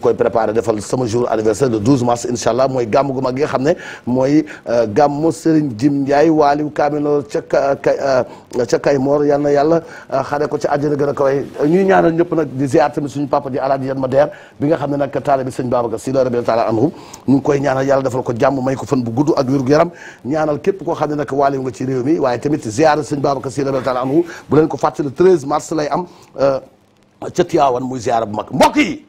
koy préparé defal sama jour anniversaire le 12 mars incha allah mooy gàmm gu mag gi nga xam ne mooy euh, gàmm Serigne Jim Ndiaye waaliw kaamiloo ca ka euh, ca ne yal na yàlla euh, xare ko ci àjjana gën a kawe ñuy ñaanal ñëpp nag di ziar tamit suñu papa ji alaaji yan ma nga xam ne nag taalibi sëñ Babacar Si la rabbil taala anhu ñu ngi ko jàmm may ko fan bu gudd ak wér-gu-yaram ñaanal képp koo xam ne nag waaliw nga ci réew mi waaye tamit ziar sëñ Babacar Si la rabbil taala anhu bu leen ko fàttali 13 mars lay am ca Tiwaawan muy ziar bu mag mbokk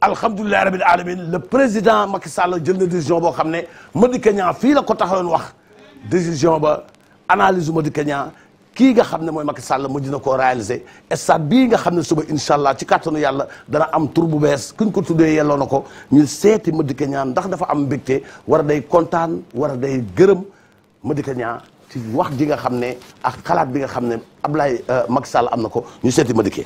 alhamdulilah rabil alamin le président Macky Sall jël na décision boo xam ne Madické Niang fii la ko taxawoon wax décision ba analyse Madické Niang kii nga xam ne mooy Macky Sall mujj na ko réaliser stade bii nga xam ne suba incha allah ci kàttanu yàlla dana am tur bu bees ku ko tuddee yelloo na ko ñu seeti Madické Niang ndax dafa am mbégte war a day kontaan war a day gërëm Madické Niang ci wax ji nga xam ne ak xalaat bi nga xam ne Ablaye euh, Macky Sall am na ko ñu seeti Madické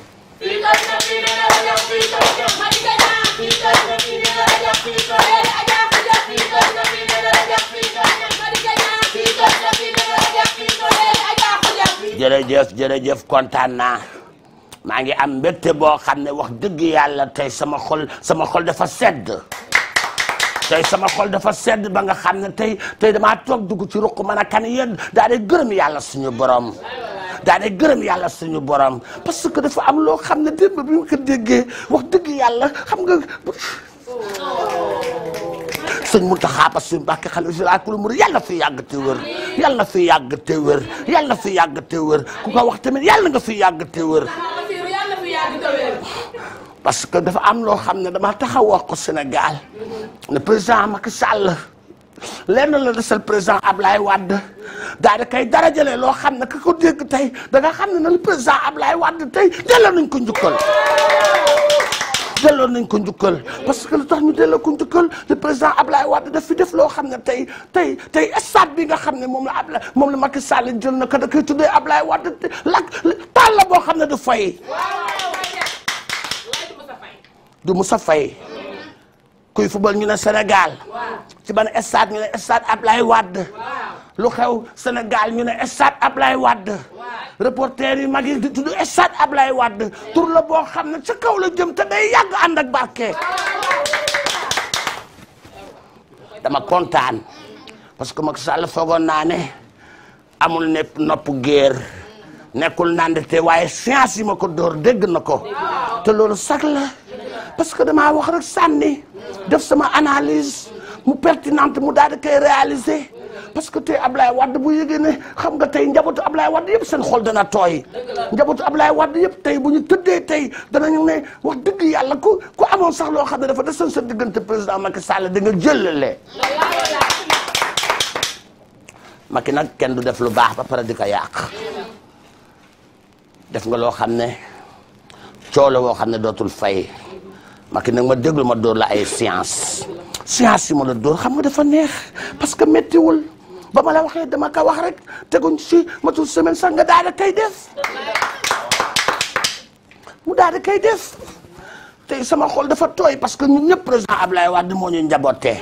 jërëjëf jërëjëf kontaan naa maa ngi am mbégte boo xam ne wax dëgg yàlla tey sama xol sama xol dafa sedd tey sama xol dafa sedd ba nga xam ne tey tey dama toog dugg ci ruq mën kan yéen daal di gërëm yàlla suñu borom daa gërëm yàlla suñu borom parce que dafa am loo xam ne démb bi ma ko déggee wax dëgg yàlla xam nga sëñ Muntaxa Basiru Mbàkke xalifa général ku murid yàlla fi yàgg te wér fi yàgg te wér yàlla fi yàgg te wér ku ko wax tamit yàlla nga fi yàgg te wér parce que dafa am loo xam ne dama taxaw wax ko Sénégal ne président Macky Sall lenn la desal président Ablaye Wade daal di koy darajalee loo xam ne ku ko dégg tey da nga xam ne na président Ablaye Wade tey delloo nañ ko njukkal. delloo nañ ko njukkal parce que lu tax ñu delloo ko njukkal le président Ablaye Wade daf fi def loo xam ne tey tey tey stade bi nga xam ne moom la Ablaye moom la Macky Sall jël na ko da koy tuddee Ablaye Wade lak taal la boo xam ne du fay. du Moussa Faye. kuy football ñu ne Sénégal ci ban stade ñu ne stade Ablaye Wade lu xew Sénégal ñu ne stade Ablaye Wade reporter mag yi di tudd stade Ablaye Wade la boo xam ne ca kaw la jëm te day yàgg ànd barke. dama kontaan parce que Macky Sall foogoon naa ne amul nepp nopp géer mm. nekkul naan te waaye science yi ma ko dóor dégg na ko te loolu sax parce que damaa wax rek sànni def sama analyse mu pertinente mu daal di koy parce que tey Ablaye Wade bu yëgee ne xam nga tey njabootu Ablaye Wade yëpp seen xol dana tooy njabootu Ablaye Wade yëpp tey bu ñu tëddee tey danañu ne wax dëgg yàlla ko ku amoon sax loo xam ne dafa desoon sa diggante président Macky Sall da nga jëlale Macky nag kenn du def lu baax ba pare di ko yàq def nga loo xam ne coolo woo xam ne dootul fay Macky nag ma déglu ma dóor la ay science science yi ma la dóor xam nga dafa neex parce que méttiwul ba ma la waxee dama ko wax rek teguñ si matul semaine sax nga daal di koy def mu daal di koy def tey sama xol dafa tooy parce que ñun ñëpp président Ablaye Wade moo ñu njabootee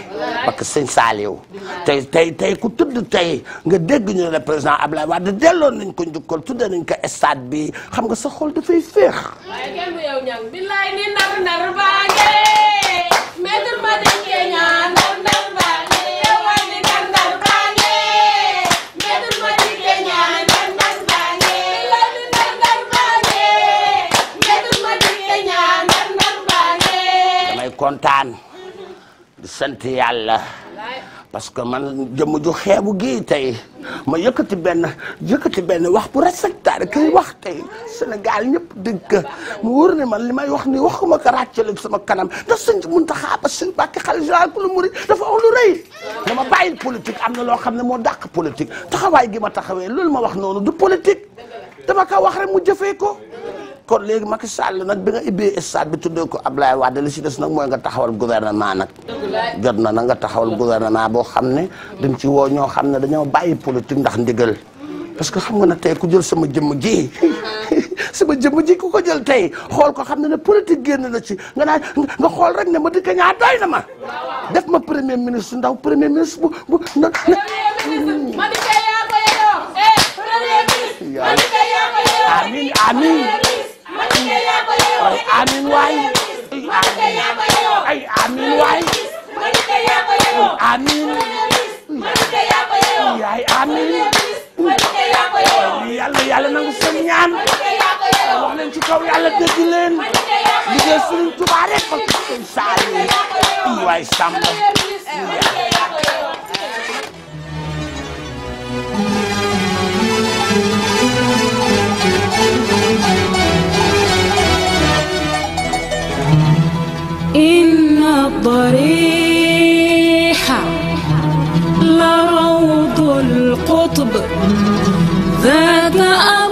parce que sëñ Saaliw tey tey tey ku tudd tey nga dégg ñu ne président Ablaye Wade delloon nañ ko njukkal tuddee nañ ko stade bi xam nga sa xol dafay féex. waaye kontaan di sant yàlla parce que man jëmm ju xeebu gii tey ma yëkkati benn yëkkati benn wax bu respecté kay wax tey Sénégal ñëpp dégg mu wóor ne man li may wax nii waxuma ko ràccale sama kanam ndax sëñ Muntaxa ba sëñ Mbàkke xalifa général ku murid dafa wax am na loo xam ne moo dàq politique taxawaay gi ma taxawee loolu ma wax noonu du politique dama ko wax rek mu kon léegi Macky Sall nag bi nga ubbee stade bi tuddee ko Ablaye Wade li si des nag mooy nga taxawal gouvernement nag jot na na nga taxawal gouvernement boo xam ne dañ ci woo ñoo xam ne dañoo bàyyi politique ndax ndigal parce que xam nga nag tey ku jël sama jëmm ji sama jëmm ji ku ko jël tey xool ko xam ne ne politique génn na ci nga naa nga xool rek ne ma di ka ñaa doy na ma def ma premier ministre ndaw premier ministre bu bu na eh, amin amin amin waay ay amin waay amin yaay amin yàlla yàlla nangu seen ñaan wax leen ci kaw yàlla dégg leen liggéey Sëriñ Tuubaa rek fa ko Saliou waay Samba القطب ذات أمر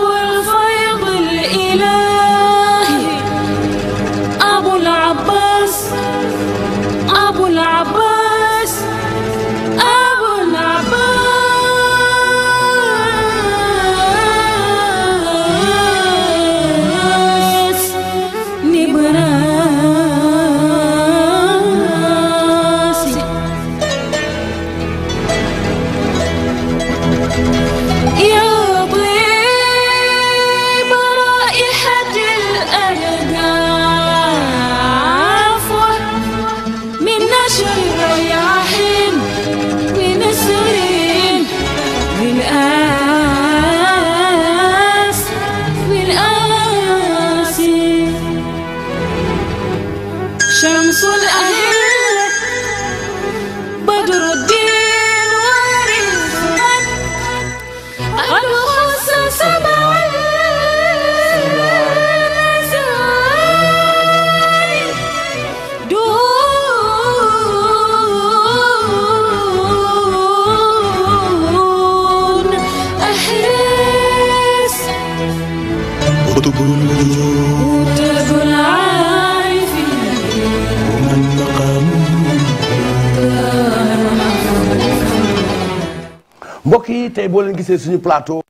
mbokk yi tey boo leen gisee suñu plateau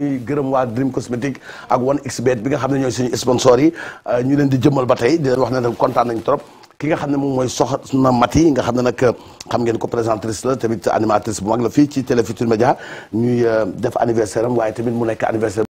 gërëm waa Dream Cosmétique ak 1xBet bi nga xam ne ñooy suñu sponsor yi euh, ñu leen di jëmmal ba tey di leen wax ne nag kontaan nañ trop ki nga xam ne moom mooy na Mati nga xam ne nag xam ngeen ko présentatrice la tamit animatrice bu mag la fii ci Télé Futurs Médias ñuy euh, def anniversaire am waaye tamit mu nekk anniversaire